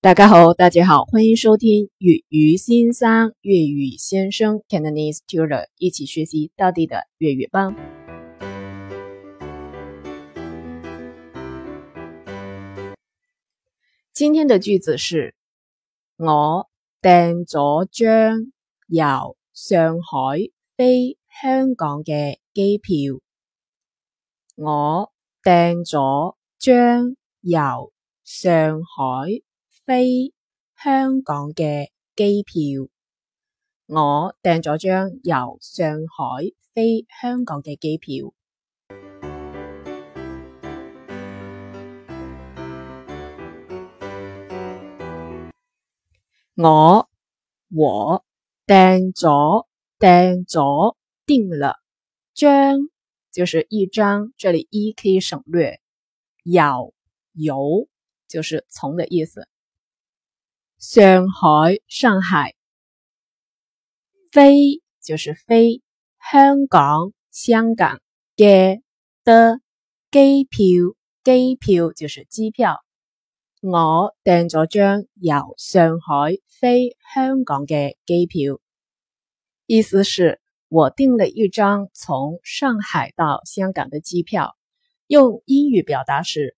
大家好，大家好，歡迎收聽粵語先生，粵語先生 Cantonese Tutor） 一起學習到底的粵語吧！今天的句子是：我訂咗張由上海飛香港嘅機票。我訂咗張由上海。飛香港嘅機票，我訂咗張由上海飛香港嘅機票。 我我訂咗訂咗訂了張，就是一張，這裏一可以省略。由由就是從的意思。上海，上海，飛就是飛。香港，香港嘅的機票，機票就是機票。我訂咗張由上海飛香港嘅機票，意思是我訂了一張從上海到香港嘅機票。用英語表達是。